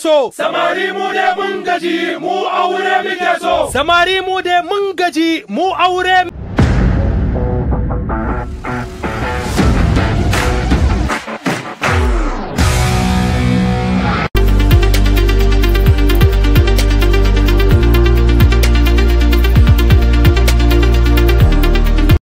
so. Samari mu dai mun gaji mu aure muke so. Samari mu dai mun gaji mu aure